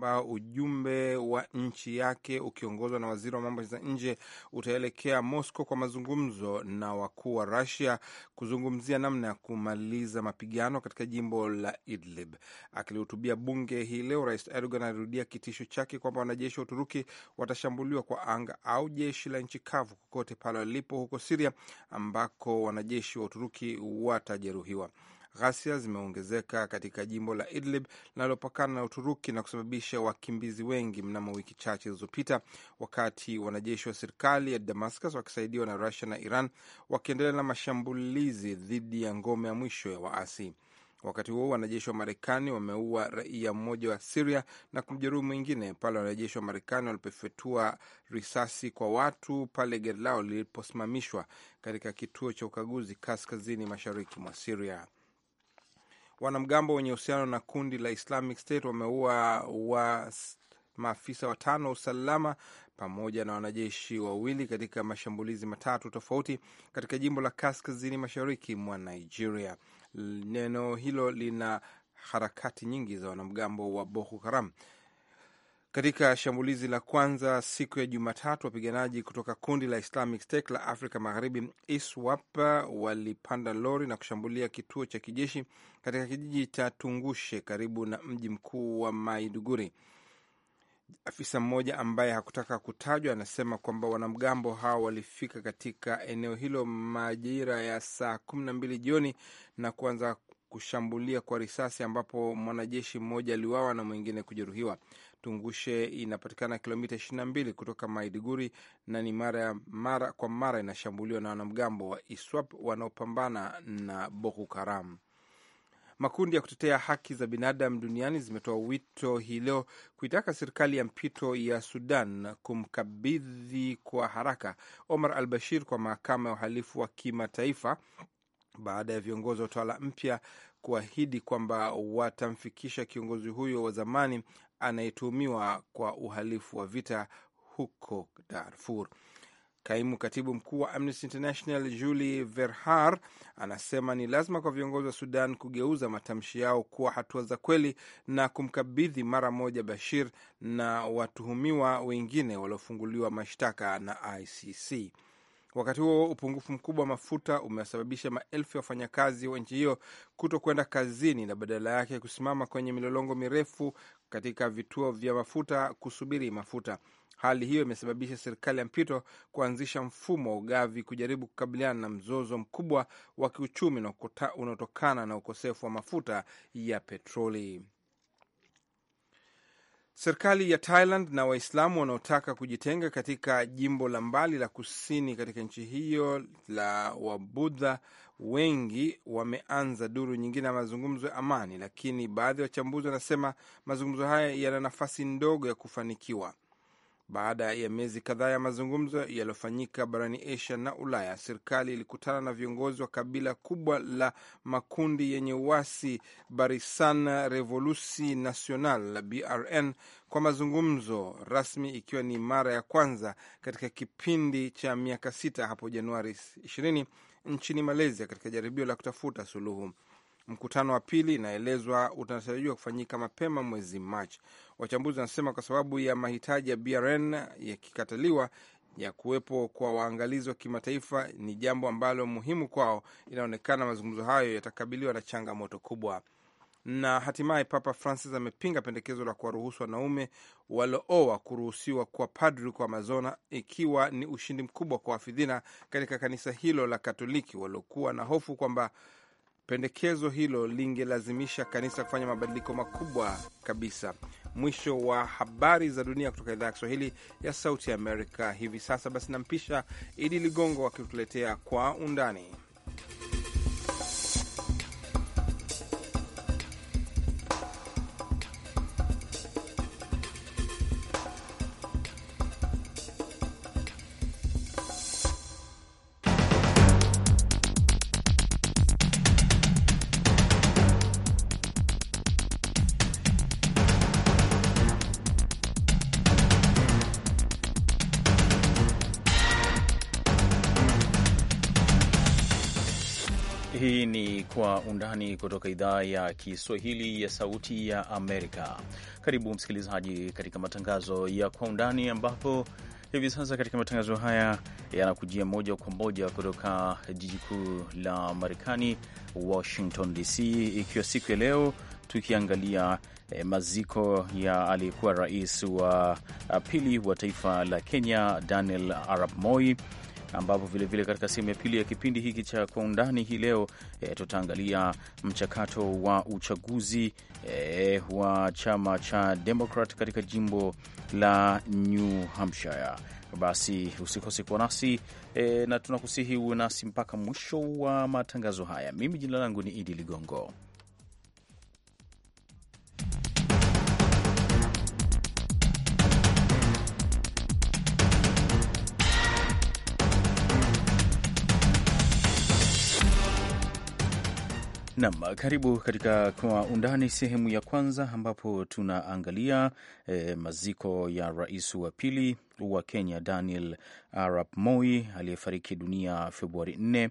kwamba ujumbe wa nchi yake ukiongozwa na waziri wa mambo za nje utaelekea Moscow kwa mazungumzo na wakuu wa Russia kuzungumzia namna ya kumaliza mapigano katika jimbo la Idlib. Akilihutubia bunge hii leo, Rais Erdogan alirudia kitisho chake kwamba wanajeshi wa Uturuki watashambuliwa kwa anga au jeshi la nchi kavu kokote pale walipo huko Siria, ambako wanajeshi wa Uturuki watajeruhiwa. Ghasia zimeongezeka katika jimbo la Idlib linalopakana na Uturuki na kusababisha wakimbizi wengi mnamo wiki chache zilizopita, wakati wanajeshi wa serikali ya Damascus wakisaidiwa na Rusia na Iran wakiendelea na mashambulizi dhidi ya ngome ya mwisho ya waasi. Wakati huo wanajeshi wa Marekani wameua raia mmoja wa Siria na kumjeruhi mwingine pale wanajeshi wa Marekani walipofyatua risasi kwa watu pale gari lao liliposimamishwa katika kituo cha ukaguzi kaskazini mashariki mwa Siria. Wanamgambo wenye uhusiano na kundi la Islamic State wameua wa maafisa watano wa usalama pamoja na wanajeshi wawili katika mashambulizi matatu tofauti katika jimbo la kaskazini mashariki mwa Nigeria. Neno hilo lina harakati nyingi za wanamgambo wa Boko Haram katika shambulizi la kwanza siku ya Jumatatu, wapiganaji kutoka kundi la Islamic State la Afrika Magharibi, ISWAP, walipanda lori na kushambulia kituo cha kijeshi katika kijiji cha Tungushe karibu na mji mkuu wa Maiduguri. Afisa mmoja ambaye hakutaka kutajwa anasema kwamba wanamgambo hao walifika katika eneo hilo majira ya saa kumi na mbili jioni na kuanza kushambulia kwa risasi ambapo mwanajeshi mmoja aliuawa na mwingine kujeruhiwa. Tungushe inapatikana kilomita 22 kutoka Maiduguri na ni mara, mara kwa mara inashambuliwa na wanamgambo wa ISWAP wanaopambana na Boko Haram. Makundi ya kutetea haki za binadamu duniani zimetoa wito hii leo kuitaka serikali ya mpito ya Sudan kumkabidhi kwa haraka Omar al Bashir kwa mahakama ya uhalifu wa kimataifa baada ya viongozi wa utawala mpya kuahidi kwamba watamfikisha kiongozi huyo wa zamani anayetuhumiwa kwa uhalifu wa vita huko Darfur. Kaimu katibu mkuu wa Amnesty International Julie Verhar anasema ni lazima kwa viongozi wa Sudan kugeuza matamshi yao kuwa hatua za kweli na kumkabidhi mara moja Bashir na watuhumiwa wengine waliofunguliwa mashtaka na ICC. Wakati huo upungufu mkubwa wa mafuta umewasababisha maelfu ya wafanyakazi wa nchi hiyo kuto kwenda kazini na badala yake kusimama kwenye milolongo mirefu katika vituo vya mafuta kusubiri mafuta. Hali hiyo imesababisha serikali ya mpito kuanzisha mfumo wa ugavi kujaribu kukabiliana na mzozo mkubwa wa kiuchumi unaotokana na ukosefu wa mafuta ya petroli. Serikali ya Thailand na Waislamu wanaotaka kujitenga katika jimbo la mbali la kusini katika nchi hiyo la Wabudha wengi wameanza duru nyingine ya mazungumzo ya amani, lakini baadhi ya wachambuzi wanasema mazungumzo haya yana nafasi ndogo ya kufanikiwa. Baada ya miezi kadhaa ya mazungumzo yaliyofanyika barani Asia na Ulaya, serikali ilikutana na viongozi wa kabila kubwa la makundi yenye uasi Barisan Revolusi Nasional BRN kwa mazungumzo rasmi, ikiwa ni mara ya kwanza katika kipindi cha miaka sita hapo Januari 20 nchini Malaysia katika jaribio la kutafuta suluhu. Mkutano wa pili inaelezwa utatarajiwa kufanyika mapema mwezi Machi. Wachambuzi wanasema kwa sababu ya mahitaji ya BRN yakikataliwa ya kuwepo kwa waangalizi wa kimataifa ni jambo ambalo muhimu kwao. Inaonekana mazungumzo hayo yatakabiliwa na changamoto kubwa. Na hatimaye Papa Francis amepinga pendekezo la kuwaruhusu wanaume walooa kuruhusiwa kuwa padri kwa Amazona, ikiwa ni ushindi mkubwa kwa wafidhina katika kanisa hilo la Katoliki waliokuwa na hofu kwamba Pendekezo hilo lingelazimisha kanisa kufanya mabadiliko makubwa kabisa. Mwisho wa habari za dunia kutoka idhaa ya Kiswahili ya Sauti Amerika hivi sasa. Basi nampisha Idi Ligongo akituletea kwa undani undani kutoka idhaa ya Kiswahili ya Sauti ya Amerika. Karibu msikilizaji katika matangazo ya kwa undani, ambapo hivi sasa katika matangazo haya yanakujia moja kwa moja kutoka jiji kuu la Marekani, Washington DC, ikiwa siku ya leo tukiangalia eh, maziko ya aliyekuwa rais wa eh, pili wa taifa la Kenya, Daniel Arap Moi ambapo vilevile katika sehemu ya pili ya kipindi hiki cha Kwa Undani hii leo e, tutaangalia mchakato wa uchaguzi e, wa chama cha Democrat katika jimbo la New Hampshire. Basi usikose kuwa nasi e, na tunakusihi uwe nasi mpaka mwisho wa matangazo haya. Mimi jina langu ni Idi Ligongo. Nam, karibu katika Kwa Undani sehemu ya kwanza, ambapo tunaangalia e, maziko ya rais wa pili wa Kenya Daniel Arap Moi aliyefariki dunia Februari 4,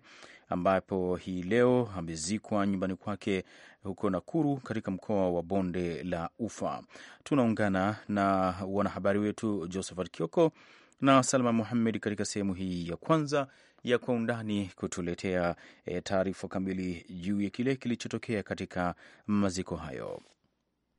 ambapo hii leo amezikwa nyumbani kwake huko Nakuru katika mkoa wa Bonde la Ufa. Tunaungana na wanahabari wetu Josephat Kioko na Salma Muhammed katika sehemu hii ya kwanza ya Kwa Undani kutuletea e, taarifa kamili juu ya kile kilichotokea katika maziko hayo.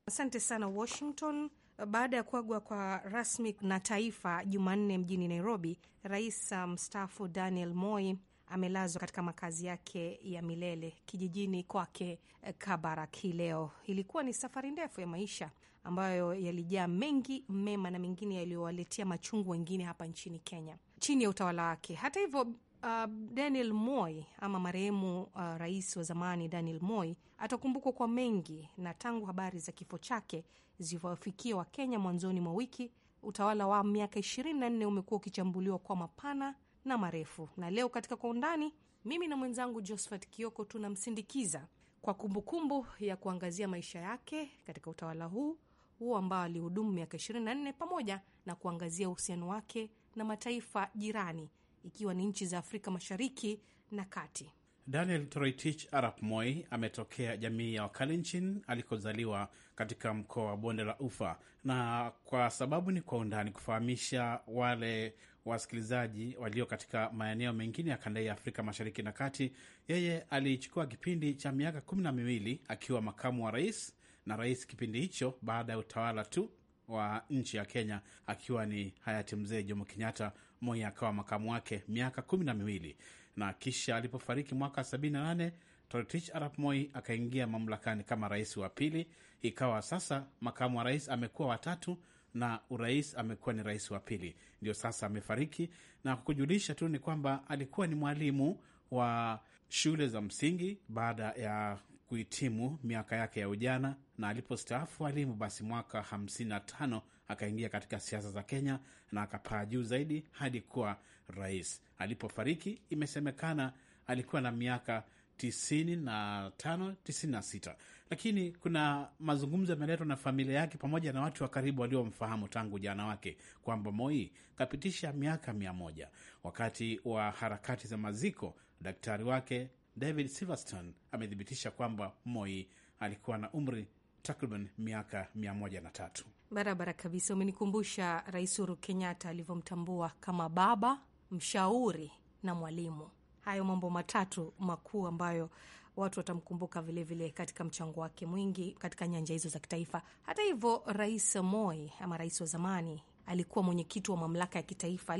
Asante sana Washington. Baada ya kuagwa kwa rasmi na taifa Jumanne mjini Nairobi, rais uh, mstaafu Daniel Moi amelazwa katika makazi yake ya milele kijijini kwake uh, Kabarak hii leo. Ilikuwa ni safari ndefu ya maisha ambayo yalijaa mengi mema na mengine yaliyowaletea machungu wengine hapa nchini Kenya chini ya utawala wake. Hata hivyo, Uh, Daniel Moi ama marehemu uh, rais wa zamani Daniel Moi atakumbukwa kwa mengi, na tangu habari za kifo chake zilivyowafikia Wakenya mwanzoni mwa wiki, utawala wa miaka 24 umekuwa ukichambuliwa kwa mapana na marefu. Na leo katika Kwa Undani, mimi na mwenzangu Josephat Kioko tunamsindikiza kwa kumbukumbu kumbu ya kuangazia maisha yake katika utawala huu huo ambao alihudumu miaka 24 pamoja na kuangazia uhusiano wake na mataifa jirani ikiwa ni nchi za Afrika Mashariki na Kati. Daniel Toroitich Arap Moi ametokea jamii ya Wakalenjin alikozaliwa katika mkoa wa Bonde la Ufa, na kwa sababu ni kwa undani kufahamisha wale wasikilizaji walio katika maeneo mengine ya kanda ya Afrika Mashariki na Kati, yeye alichukua kipindi cha miaka kumi na miwili akiwa makamu wa rais na rais kipindi hicho, baada ya utawala tu wa nchi ya Kenya akiwa ni hayati Mzee Jomo Kenyatta Moi akawa makamu wake miaka kumi na miwili na kisha alipofariki mwaka nane Tortich arap Moi akaingia mamlakani kama rais wa pili, ikawa sasa makamu wa rais amekuwa watatu na urais amekuwa ni rais wa pili, ndio sasa amefariki. Na kukujulisha tu ni kwamba alikuwa ni mwalimu wa shule za msingi baada ya kuhitimu miaka yake ya ujana, na alipostaafu walimu basi mwaka 55 akaingia katika siasa za Kenya na akapaa juu zaidi hadi kuwa rais. Alipofariki imesemekana alikuwa na miaka tisini na tano tisini na sita lakini kuna mazungumzo yameletwa na familia yake pamoja na watu wa karibu waliomfahamu tangu jana wake kwamba Moi kapitisha miaka mia moja. Wakati wa harakati za maziko, daktari wake David Silverstone amethibitisha kwamba Moi alikuwa na umri takriban miaka mia moja na tatu. Barabara kabisa, umenikumbusha Rais Uhuru Kenyatta alivyomtambua kama baba, mshauri na mwalimu. Hayo mambo matatu makuu ambayo watu watamkumbuka vilevile katika mchango wake mwingi katika nyanja hizo za kitaifa. Hata hivyo, Rais Moi ama rais wa zamani alikuwa mwenyekiti wa mamlaka ya kitaifa,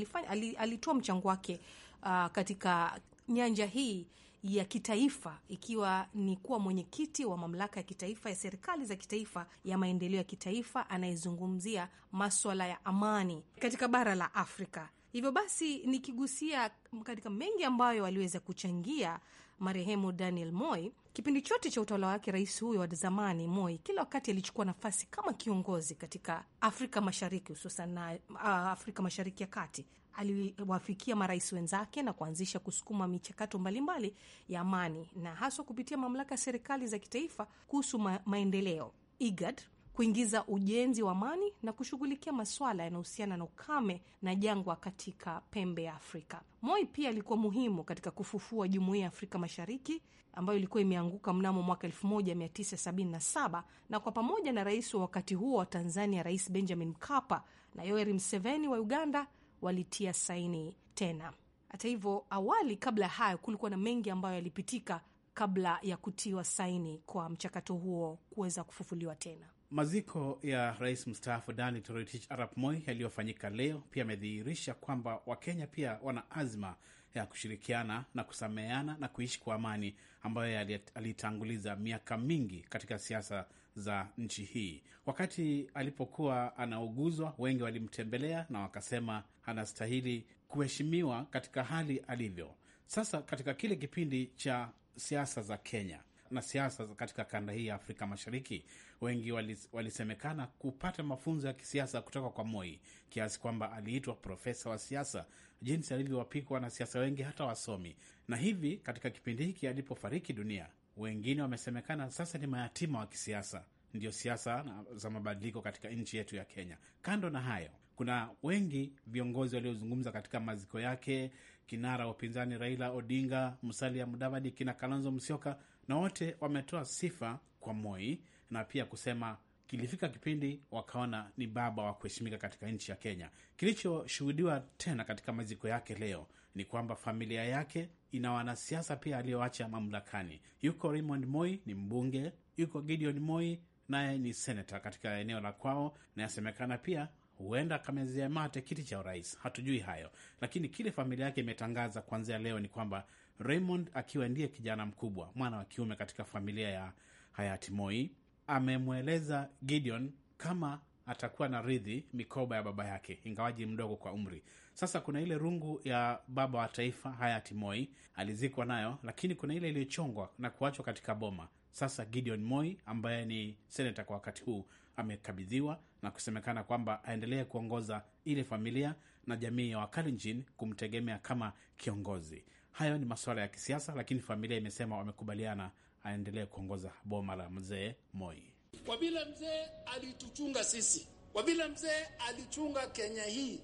alitoa mchango wake uh, katika nyanja hii ya kitaifa ikiwa ni kuwa mwenyekiti wa mamlaka ya kitaifa ya serikali za kitaifa ya maendeleo ya kitaifa anayezungumzia maswala ya amani katika bara la Afrika. Hivyo basi nikigusia katika mengi ambayo aliweza kuchangia marehemu Daniel Moi kipindi chote cha utawala wake, rais huyo wa zamani Moi kila wakati alichukua nafasi kama kiongozi katika Afrika Mashariki, hususan na uh, Afrika Mashariki ya Kati, aliwafikia marais wenzake na kuanzisha kusukuma michakato mbalimbali ya amani na haswa kupitia mamlaka ya serikali za kitaifa kuhusu ma maendeleo IGAD kuingiza ujenzi wa amani na kushughulikia masuala yanayohusiana na ukame na jangwa katika pembe ya Afrika. Moi pia alikuwa muhimu katika kufufua jumuiya ya Afrika Mashariki ambayo ilikuwa imeanguka mnamo mwaka 1977 na kwa pamoja na rais wa wakati huo wa Tanzania, Rais Benjamin Mkapa na Yoweri Museveni wa Uganda walitia saini tena. Hata hivyo, awali kabla ya hayo kulikuwa na mengi ambayo yalipitika kabla ya kutiwa saini kwa mchakato huo kuweza kufufuliwa tena. Maziko ya rais mstaafu Daniel Toroitich Arap Moi yaliyofanyika leo pia yamedhihirisha kwamba Wakenya pia wana azma ya kushirikiana na kusameheana na kuishi kwa amani ambayo alitanguliza miaka mingi katika siasa za nchi hii. Wakati alipokuwa anauguzwa, wengi walimtembelea na wakasema anastahili kuheshimiwa katika hali alivyo sasa. Katika kile kipindi cha siasa za Kenya na siasa katika kanda hii ya Afrika Mashariki, wengi walisemekana kupata mafunzo ya kisiasa kutoka kwa Moi, kiasi kwamba aliitwa profesa wa siasa, jinsi alivyowapikwa na siasa wengi, hata wasomi. Na hivi katika kipindi hiki alipofariki dunia, wengine wamesemekana sasa ni mayatima wa kisiasa. ndio siasa za mabadiliko katika nchi yetu ya Kenya. Kando na hayo, kuna wengi viongozi waliozungumza katika maziko yake, kinara wa upinzani Raila Odinga, Musalia Mudavadi, kina Kalonzo Musyoka, na wote wametoa sifa kwa Moi na pia kusema kilifika kipindi wakaona ni baba wa kuheshimika katika nchi ya Kenya. Kilichoshuhudiwa tena katika maziko yake leo ni kwamba familia yake ina wanasiasa pia aliyoacha mamlakani. Yuko Raymond Moi ni mbunge, yuko Gideon Moi naye ni senata katika eneo la kwao, na yasemekana pia huenda akamezea mate kiti cha urais, hatujui hayo, lakini kile familia yake imetangaza kuanzia leo ni kwamba Raymond akiwa ndiye kijana mkubwa, mwana wa kiume katika familia ya hayati Moi, amemweleza Gideon kama atakuwa na ridhi mikoba ya baba yake, ingawaji mdogo kwa umri. Sasa kuna ile rungu ya baba wa taifa hayati Moi alizikwa nayo, lakini kuna ile iliyochongwa na kuachwa katika boma. Sasa Gideon Moi ambaye ni seneta kwa wakati huu amekabidhiwa na kusemekana kwamba aendelee kuongoza ile familia na jamii ya Wakalenjin kumtegemea kama kiongozi. Hayo ni masuala ya kisiasa, lakini familia imesema wamekubaliana aendelee kuongoza boma la mzee Moi. Kwa vile mzee alituchunga sisi, kwa vile mzee alichunga Kenya hii,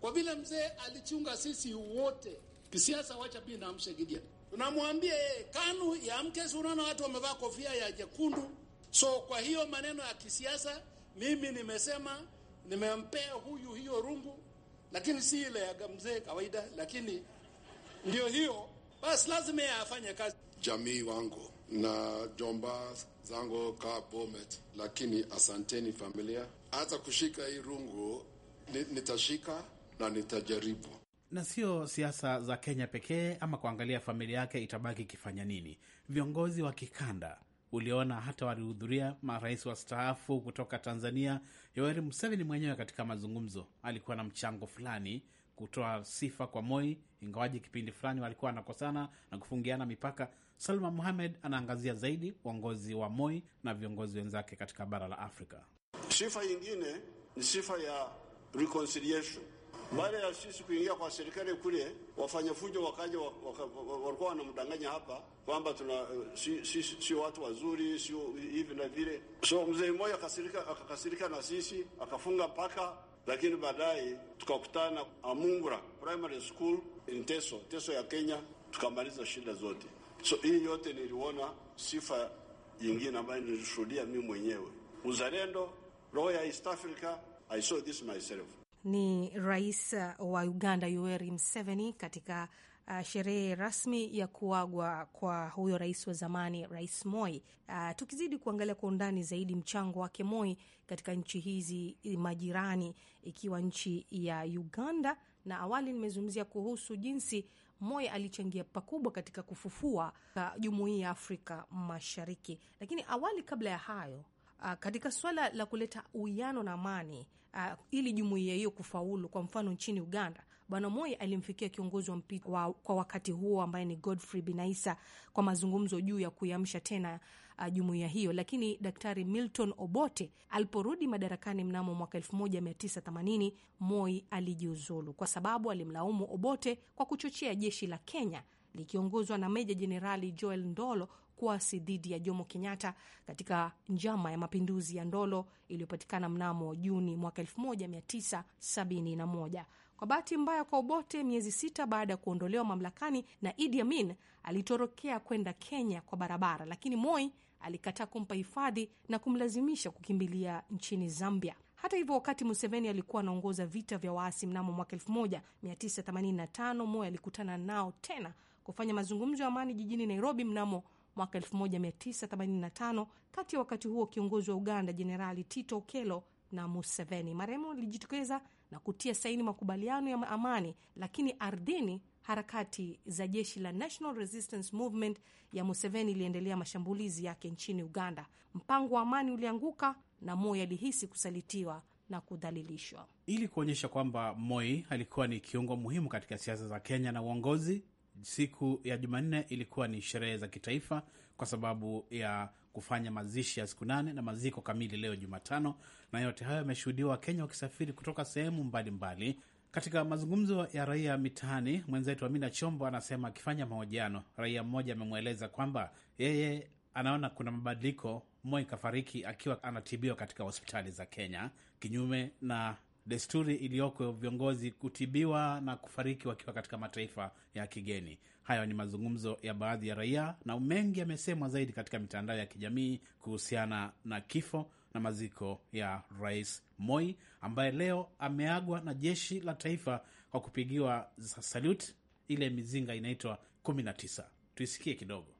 kwa vile mzee alichunga sisi wote kisiasa, wacha pia naamshe Gideon, tunamwambia yeye KANU yaamke. Si unaona watu wamevaa kofia ya jekundu. So kwa hiyo maneno ya kisiasa, mimi nimesema nimempea huyu hiyo rungu, lakini si ile ya mzee kawaida, lakini ndio hiyo basi, lazima yeye afanye kazi. Jamii wangu na jomba zango ka Bomet, lakini asanteni familia. Hata kushika hii rungu nitashika na nitajaribu na sio siasa za Kenya pekee ama kuangalia familia yake itabaki ikifanya nini. Viongozi wa kikanda uliona hata walihudhuria marais staafu kutoka Tanzania. Yoweri Museveni mwenyewe katika mazungumzo alikuwa na mchango fulani kutoa sifa kwa Moi, ingawaji kipindi fulani walikuwa wanakosana na kufungiana mipaka, Salma muhamed anaangazia zaidi uongozi wa Moi na viongozi wenzake katika bara la Afrika. Sifa yingine ni sifa ya reconciliation. Baada ya sisi kuingia kwa serikali kule, wafanya fujo wakaja, walikuwa wanamdanganya hapa kwamba tuna eh, si, si, si watu wazuri, si hivi na vile. So mzee mmoja akakasirika na sisi akafunga mpaka, lakini baadaye tukakutana Amungura Primary School in Teso, Teso ya Kenya, tukamaliza shida zote. So hii yote niliona sifa nyingine ambayo nilishuhudia mimi mwenyewe, uzalendo, roho ya East Africa. I saw this myself. Ni rais uh, wa Uganda Yoweri Museveni katika Uh, sherehe rasmi ya kuagwa kwa huyo rais wa zamani, Rais Moi. Uh, tukizidi kuangalia kwa undani zaidi mchango wake Moi katika nchi hizi majirani, ikiwa nchi ya Uganda, na awali nimezungumzia kuhusu jinsi Moi alichangia pakubwa katika kufufua uh, jumuiya ya Afrika Mashariki. Lakini awali kabla ya hayo Uh, katika swala la kuleta uwiano na amani uh, ili jumuiya hiyo kufaulu. Kwa mfano nchini Uganda, Bwana Moi alimfikia kiongozi wa mpito wa, kwa wakati huo ambaye ni Godfrey Binaisa kwa mazungumzo juu ya kuiamsha tena uh, jumuiya hiyo. Lakini Daktari Milton Obote aliporudi madarakani mnamo mwaka 1980 Moi alijiuzulu kwa sababu alimlaumu Obote kwa kuchochea jeshi la Kenya likiongozwa na Meja Jenerali Joel Ndolo kuasi dhidi ya Jomo Kenyatta katika njama ya mapinduzi ya Ndolo iliyopatikana mnamo Juni mwaka 1971. Kwa bahati mbaya kwa Obote, miezi sita baada ya kuondolewa mamlakani na Idi Amin, alitorokea kwenda Kenya kwa barabara, lakini Moi alikataa kumpa hifadhi na kumlazimisha kukimbilia nchini Zambia. Hata hivyo, wakati Museveni alikuwa anaongoza vita vya waasi mnamo mwaka 1985 Moi alikutana nao tena kufanya mazungumzo ya amani jijini Nairobi mnamo mwaka 1985 kati ya wakati huo kiongozi wa Uganda Jenerali Tito Okello na Museveni. Marehemu alijitokeza na kutia saini makubaliano ya amani, lakini ardhini harakati za jeshi la National Resistance Movement ya Museveni iliendelea mashambulizi yake nchini Uganda. Mpango wa amani ulianguka na Moi alihisi kusalitiwa na kudhalilishwa. Ili kuonyesha kwamba Moi alikuwa ni kiungo muhimu katika siasa za Kenya na uongozi, siku ya Jumanne ilikuwa ni sherehe za kitaifa kwa sababu ya kufanya mazishi ya siku nane na maziko kamili leo Jumatano, na yote hayo yameshuhudiwa Wakenya wakisafiri kutoka sehemu mbalimbali katika mazungumzo ya raia mitaani, mwenzetu Amina Chombo anasema akifanya mahojiano, raia mmoja amemweleza kwamba yeye anaona kuna mabadiliko. Moi kafariki akiwa anatibiwa katika hospitali za Kenya, kinyume na desturi iliyoko viongozi kutibiwa na kufariki wakiwa katika mataifa ya kigeni. Hayo ni mazungumzo ya baadhi ya raia, na mengi yamesemwa zaidi katika mitandao ya kijamii kuhusiana na kifo na maziko ya Rais Moi ambaye leo ameagwa na jeshi la taifa kwa kupigiwa saluti ile mizinga inaitwa 19. Tuisikie kidogo.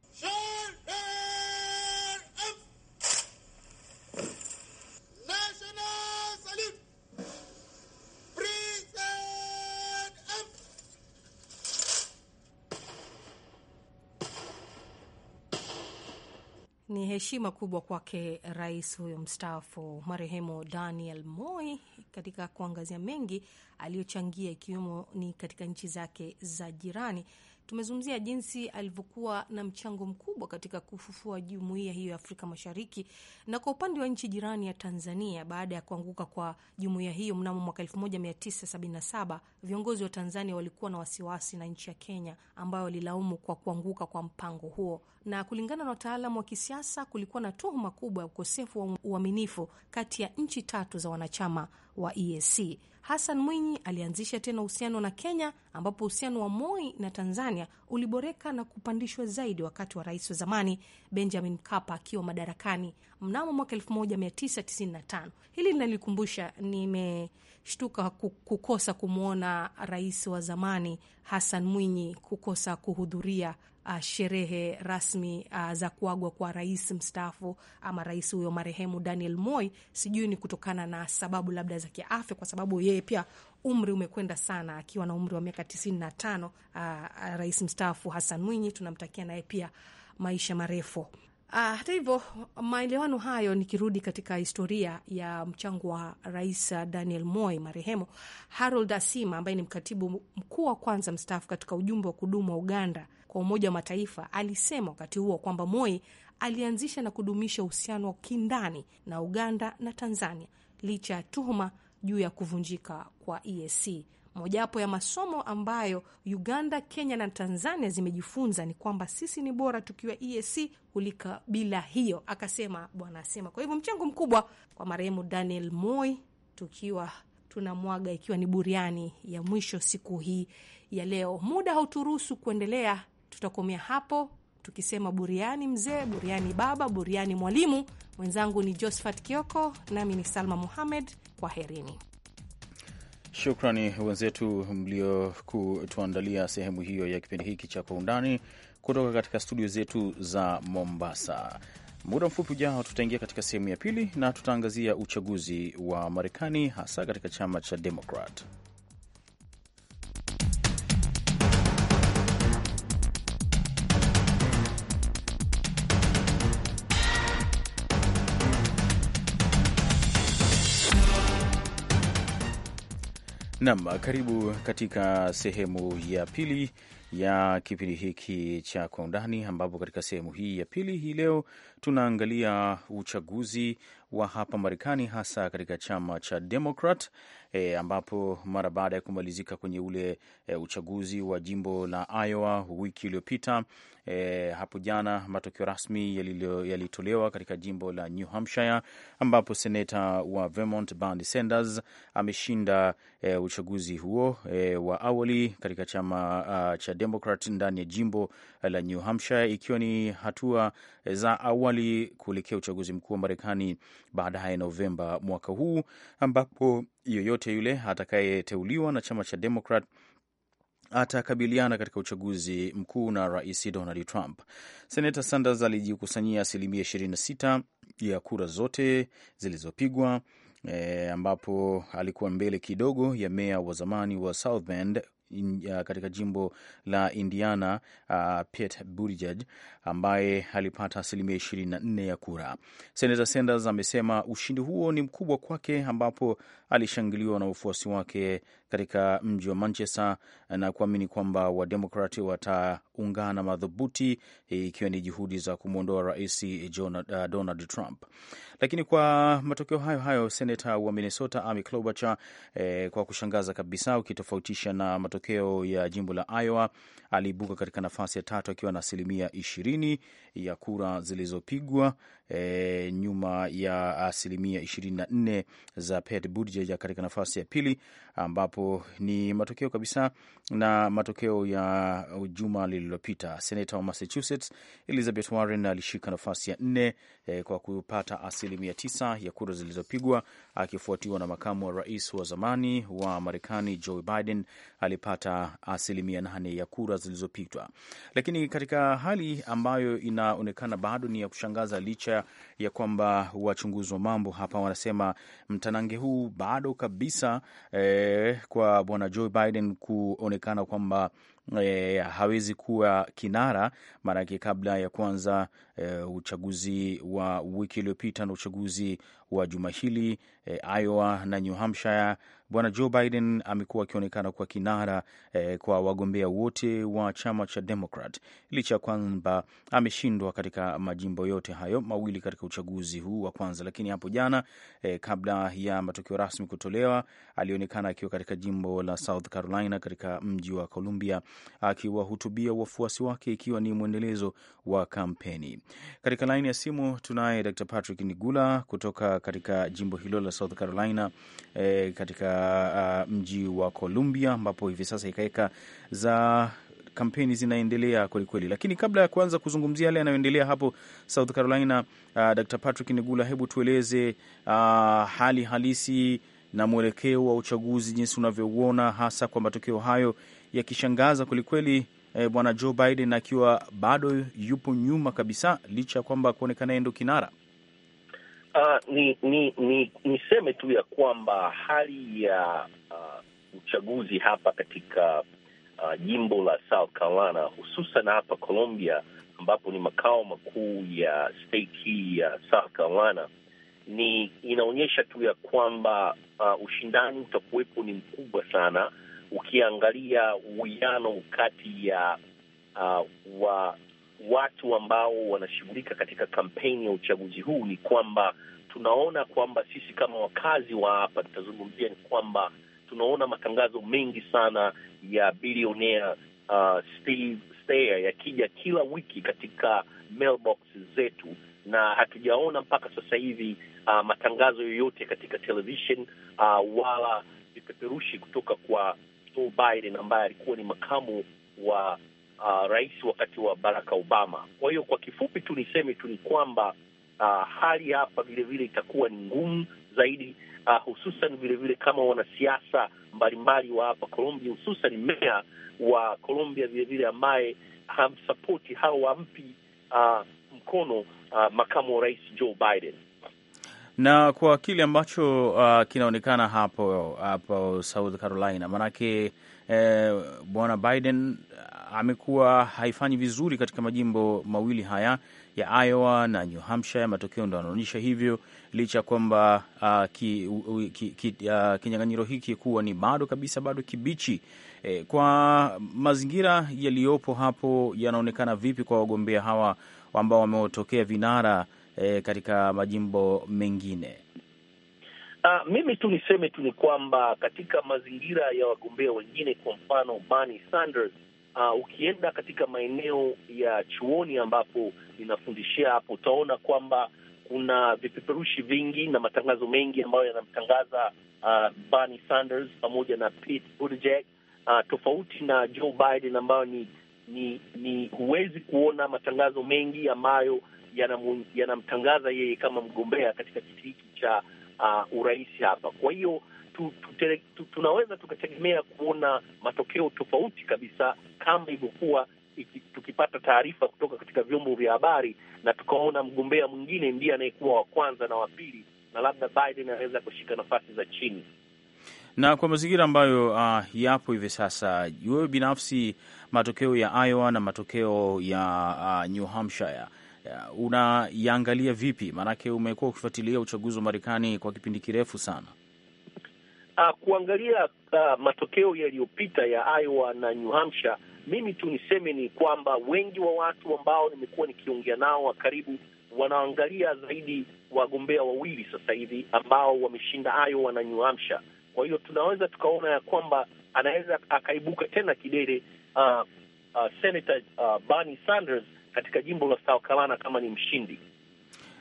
Ni heshima kubwa kwake rais huyo mstaafu marehemu Daniel Moi katika kuangazia mengi aliyochangia ikiwemo ni katika nchi zake za jirani tumezungumzia jinsi alivyokuwa na mchango mkubwa katika kufufua jumuiya hiyo ya Afrika Mashariki, na kwa upande wa nchi jirani ya Tanzania, baada ya kuanguka kwa jumuiya hiyo mnamo mwaka 1977 viongozi wa Tanzania walikuwa na wasiwasi na nchi ya Kenya ambayo walilaumu kwa kuanguka kwa mpango huo, na kulingana na wataalamu wa kisiasa, kulikuwa na tuhuma kubwa ya ukosefu wa uaminifu kati ya nchi tatu za wanachama wa EAC. Hassan Mwinyi alianzisha tena uhusiano na Kenya, ambapo uhusiano wa Moi na Tanzania uliboreka na kupandishwa zaidi wakati wa rais wa zamani Benjamin Mkapa akiwa madarakani mnamo mwaka 1995. Hili linalikumbusha, nimeshtuka kukosa kumwona rais wa zamani Hassan Mwinyi kukosa kuhudhuria uh, sherehe rasmi uh, za kuagwa kwa rais mstaafu ama rais huyo marehemu Daniel Moi. Sijui ni kutokana na sababu labda za kiafya, kwa sababu yeye pia umri umekwenda sana, akiwa na umri wa miaka tisini na tano. Uh, uh rais mstaafu Hassan Mwinyi tunamtakia naye pia maisha marefu. Uh, hata hivyo maelewano hayo, nikirudi katika historia ya mchango wa rais uh, Daniel Moi marehemu, Harold Asima ambaye ni mkatibu mkuu wa kwanza mstaafu katika ujumbe wa kudumu wa Uganda wa Umoja wa Mataifa alisema wakati huo kwamba Moi alianzisha na kudumisha uhusiano wa kindani na Uganda na Tanzania licha ya tuhuma juu ya kuvunjika kwa EAC. Mojawapo ya masomo ambayo Uganda, Kenya na Tanzania zimejifunza ni kwamba sisi ni bora tukiwa EAC kulika bila hiyo, akasema bwana asema. Kwa hivyo mchango mkubwa kwa marehemu Daniel Moi tukiwa tunamwaga ikiwa ni buriani ya mwisho siku hii ya leo. Muda hauturuhusu kuendelea tutakomea hapo tukisema buriani mzee, buriani baba, buriani mwalimu. Mwenzangu ni Josphat Kioko, nami ni Salma Muhamed. herini Shukrani wenzetu mliokutuandalia sehemu hiyo ya kipindi hiki cha Kwa Undani kutoka katika studio zetu za Mombasa. Muda mfupi ujao, tutaingia katika sehemu ya pili na tutaangazia uchaguzi wa Marekani, hasa katika chama cha Demokrat. Nam, karibu katika sehemu ya pili ya kipindi hiki cha Kwa Undani, ambapo katika sehemu hii ya pili hii leo tunaangalia uchaguzi wa hapa Marekani, hasa katika chama cha Democrat e, ambapo mara baada ya kumalizika kwenye ule e, uchaguzi wa jimbo la Iowa wiki iliyopita e, hapo jana matokeo rasmi yalitolewa katika jimbo la New Hampshire ambapo seneta wa Vermont Bernie Sanders ameshinda e, uchaguzi huo e, wa awali katika chama uh, cha Democrat ndani ya jimbo la New Hampshire, ikiwa ni hatua za awali kuelekea uchaguzi mkuu wa Marekani baadaye Novemba mwaka huu, ambapo yoyote yule atakayeteuliwa na chama cha demokrat atakabiliana katika uchaguzi mkuu na rais Donald Trump. Senata Sanders alijikusanyia asilimia 26 ya kura zote zilizopigwa, e, ambapo alikuwa mbele kidogo ya meya wa zamani wa South Bend in, uh, katika jimbo la Indiana uh, Pete Buttigieg ambaye alipata asilimia 24 ya kura. Senata Sanders amesema ushindi huo ni mkubwa kwake, ambapo alishangiliwa na wafuasi wake katika mji wa Manchester na kuamini kwamba Wademokrat wataungana madhubuti, eh, ikiwa ni juhudi za kumwondoa rais eh, Donald Trump. Lakini kwa matokeo hayo hayo, senata wa Minnesota Amy Klobuchar, eh, kwa kushangaza kabisa, ukitofautisha na matokeo ya jimbo la Iowa, aliibuka katika nafasi ya tatu akiwa na asilimia ishirini ya kura zilizopigwa e, nyuma ya asilimia 24 za Pete Buttigieg katika nafasi ya pili, ambapo ni matokeo kabisa na matokeo ya juma lililopita. seneta wa Massachusetts Elizabeth Warren alishika nafasi ya nne e, kwa kupata asilimia 9 ya kura zilizopigwa akifuatiwa na makamu wa rais wa zamani wa Marekani Joe Biden alipata asilimia nane ya kura zilizopitwa, lakini katika hali ambayo inaonekana bado ni ya kushangaza, licha ya kwamba wachunguzi wa mambo hapa wanasema mtanange huu bado kabisa eh, kwa bwana Joe Biden kuonekana kwamba E, hawezi kuwa kinara maanake, kabla ya kwanza e, uchaguzi wa wiki iliyopita na uchaguzi wa juma hili e, Iowa na New Hampshire, bwana Joe Biden amekuwa akionekana kwa kinara e, kwa wagombea wote wa chama cha Democrat, licha ya kwamba ameshindwa katika majimbo yote hayo mawili katika uchaguzi huu wa kwanza. Lakini hapo jana e, kabla ya matokeo rasmi kutolewa, alionekana akiwa katika jimbo la South Carolina katika mji wa Columbia akiwahutubia wafuasi wake, ikiwa ni mwendelezo wa kampeni. Katika laini ya simu tunaye Dr Patrick Nigula kutoka katika jimbo hilo la South Carolina e, katika uh, mji wa Columbia ambapo hivi sasa ikaweka za kampeni zinaendelea kwelikweli, lakini kabla ya kuanza kuzungumzia yale yanayoendelea hapo South Carolina, uh, Dr. Patrick Nigula, hebu tueleze uh, hali halisi na mwelekeo wa uchaguzi jinsi unavyouona, hasa kwa matokeo hayo yakishangaza kwelikweli. eh, bwana Joe Biden akiwa bado yupo nyuma kabisa licha ya kwamba kuonekana yeye ndo kinara. Uh, ni ni ni niseme tu ya kwamba hali ya uh, uchaguzi hapa katika uh, jimbo la South Carolina hususan hapa Colombia ambapo ni makao makuu ya state hii ya South Carolina ni inaonyesha tu ya kwamba uh, ushindani utakuwepo ni mkubwa sana, ukiangalia uwiano kati ya uh, wa watu ambao wanashughulika katika kampeni ya uchaguzi huu ni kwamba tunaona kwamba sisi kama wakazi wa hapa, nitazungumzia ni kwamba tunaona matangazo mengi sana ya bilionea uh, Steve Steyer yakija kila wiki katika mailbox zetu, na hatujaona mpaka sasa hivi uh, matangazo yoyote katika television uh, wala vipeperushi kutoka kwa Joe Biden ambaye alikuwa ni makamu wa uh, rais wakati wa Barack Obama. Kwa hiyo kwa kifupi tu niseme tu ni kwamba uh, hali hapa vilevile itakuwa ni ngumu zaidi uh, hususan vilevile kama wanasiasa mbalimbali wa hapa Colombia, hususan meya wa Colombia vilevile ambaye hamsapoti hao wampi uh, mkono uh, makamu wa rais Joe Biden na kwa kile ambacho uh, kinaonekana hapo hapo South Carolina, maanake eh, bwana Biden amekuwa haifanyi vizuri katika majimbo mawili haya ya Iowa na New Hampshire. Matokeo ndo yanaonyesha hivyo, licha ya kwamba uh, ki, uh, ki, uh, kinyang'anyiro hiki kuwa ni bado kabisa bado kibichi. E, kwa mazingira yaliyopo hapo yanaonekana vipi kwa wagombea hawa ambao wametokea vinara e, katika majimbo mengine? Uh, mimi tu niseme tu ni kwamba katika mazingira ya wagombea wengine, kwa mfano Bernie Sanders uh, ukienda katika maeneo ya chuoni ambapo ninafundishia hapo, utaona kwamba kuna vipeperushi vingi na matangazo mengi ambayo yanamtangaza uh, Bernie Sanders pamoja na Pete Buttigieg uh, tofauti na Joe Biden ambayo ni ni ni huwezi kuona matangazo mengi ambayo yanamtangaza yeye kama mgombea katika kiti hiki cha uh, urais hapa. Kwa hiyo tunaweza tukategemea kuona matokeo tofauti kabisa kama ilivyokuwa tukipata taarifa kutoka katika vyombo vya habari na tukaona mgombea mwingine ndiye anayekuwa wa kwanza na wa pili, na labda Biden anaweza kushika nafasi za chini na kwa mazingira ambayo uh, yapo hivi sasa, wewe binafsi, matokeo ya Iowa na matokeo ya uh, New Hampshire Eh, unaiangalia vipi? Maanake umekuwa ukifuatilia uchaguzi wa Marekani kwa kipindi kirefu sana. Uh, kuangalia uh, matokeo yaliyopita ya Iowa na New Hampshire, mimi tu niseme ni kwamba wengi wa watu ambao nimekuwa nikiongea nao wa karibu wanaangalia zaidi wagombea wawili sasa hivi ambao wameshinda Iowa na New Hampshire. Kwa hiyo tunaweza tukaona ya kwamba anaweza akaibuka tena kidere uh, ah, uh, Senator uh, Bernie Sanders katika jimbo la South Carolina kama ni mshindi.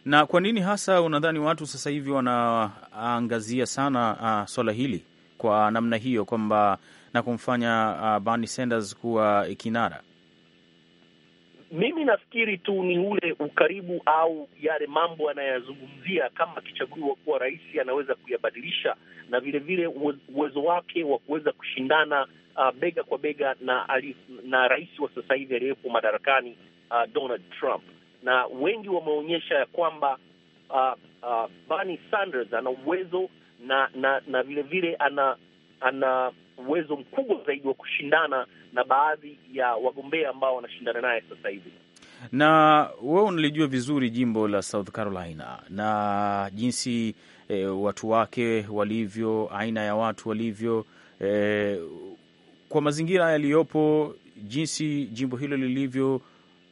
Na kwa nini hasa unadhani watu sasa hivi wanaangazia sana uh, swala hili kwa namna hiyo kwamba na kumfanya uh, Bernie Sanders kuwa kinara? Mimi nafikiri tu ni ule ukaribu au yale mambo anayazungumzia, kama akichaguliwa kuwa rais anaweza kuyabadilisha, na vilevile uwezo wake wa kuweza kushindana uh, bega kwa bega na, na rais wa sasa hivi aliyepo madarakani uh, Donald Trump, na wengi wameonyesha ya kwamba uh, uh, Bernie Sanders ana uwezo na na na vilevile ana ana uwezo mkubwa zaidi wa kushindana na baadhi ya wagombea ambao wanashindana naye sasa hivi. Na wewe unalijua vizuri jimbo la South Carolina na jinsi e, watu wake walivyo, aina ya watu walivyo, e, kwa mazingira yaliyopo, jinsi jimbo hilo lilivyo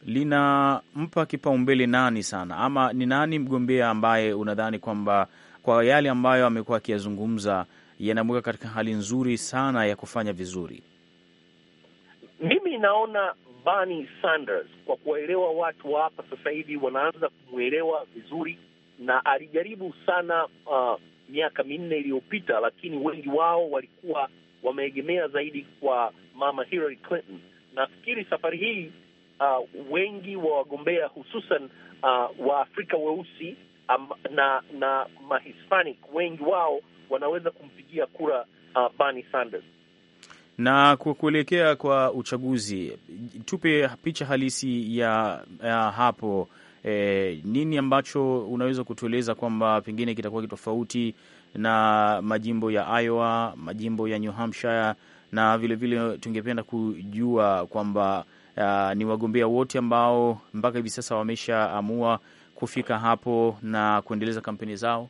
linampa kipaumbele nani sana, ama ni nani mgombea ambaye unadhani kwamba kwa yale ambayo amekuwa akiyazungumza yanamweka katika hali nzuri sana ya kufanya vizuri? Mimi naona Bernie Sanders kwa kuwaelewa watu wa hapa sasa hivi wanaanza kumwelewa vizuri, na alijaribu sana uh, miaka minne iliyopita, lakini wengi wao walikuwa wameegemea zaidi kwa mama Hillary Clinton. Nafikiri safari hii uh, wengi wa wagombea hususan uh, Waafrika weusi um, na na Mahispanic wengi wao wanaweza kumpigia kura uh, Bernie Sanders na kwa kuelekea kwa uchaguzi, tupe picha halisi ya, ya hapo e, nini ambacho unaweza kutueleza kwamba pengine kitakuwa kitofauti na majimbo ya Iowa, majimbo ya New Hampshire na vilevile vile tungependa kujua kwamba uh, ni wagombea wote ambao mpaka hivi sasa wameshaamua kufika hapo na kuendeleza kampeni zao.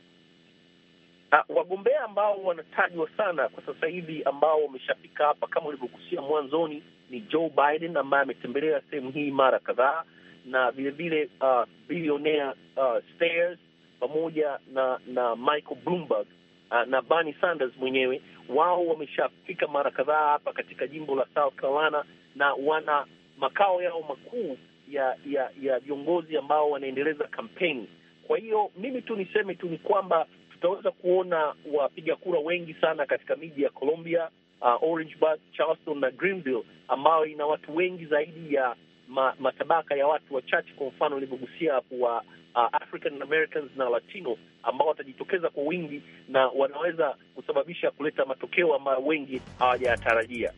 Uh, wagombea ambao wanatajwa sana kwa sasa hivi ambao wameshafika hapa kama ulivyogusia mwanzoni ni Joe Biden ambaye ametembelea sehemu hii mara kadhaa, na vilevile ah, bilionea uh, uh, pamoja na na Michael Bloomberg Ah, na Bernie Sanders mwenyewe, wao wameshafika mara kadhaa hapa katika jimbo la South Carolina, na wana makao yao makuu ya ya ya viongozi ambao wanaendeleza kampeni. Kwa hiyo mimi tu niseme tu ni kwamba tutaweza kuona wapiga kura wengi sana katika miji ya Columbia, uh, ah, Orangeburg, Charleston na Greenville ambayo ina watu wengi zaidi ya ma, matabaka ya watu wachache, kwa mfano ulivyogusia hapo wa uh, African Americans na Latino ambao watajitokeza kwa wingi na wanaweza kusababisha kuleta matokeo ambayo wengi hawajayatarajia.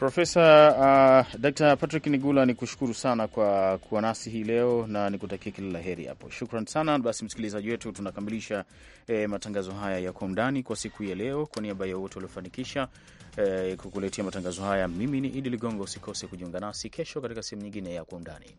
Profesa uh, Dr. Patrick Nigula, ni kushukuru sana kwa kuwa nasi hii leo na nikutakia kila la heri hapo. Shukran sana. Basi msikilizaji wetu, tunakamilisha eh, matangazo haya ya Kwa Undani kwa siku ya leo. Kwa niaba ya wote waliofanikisha eh, kukuletea matangazo haya, mimi ni Idi Ligongo. Usikose kujiunga nasi kesho katika sehemu nyingine ya Kwa Undani.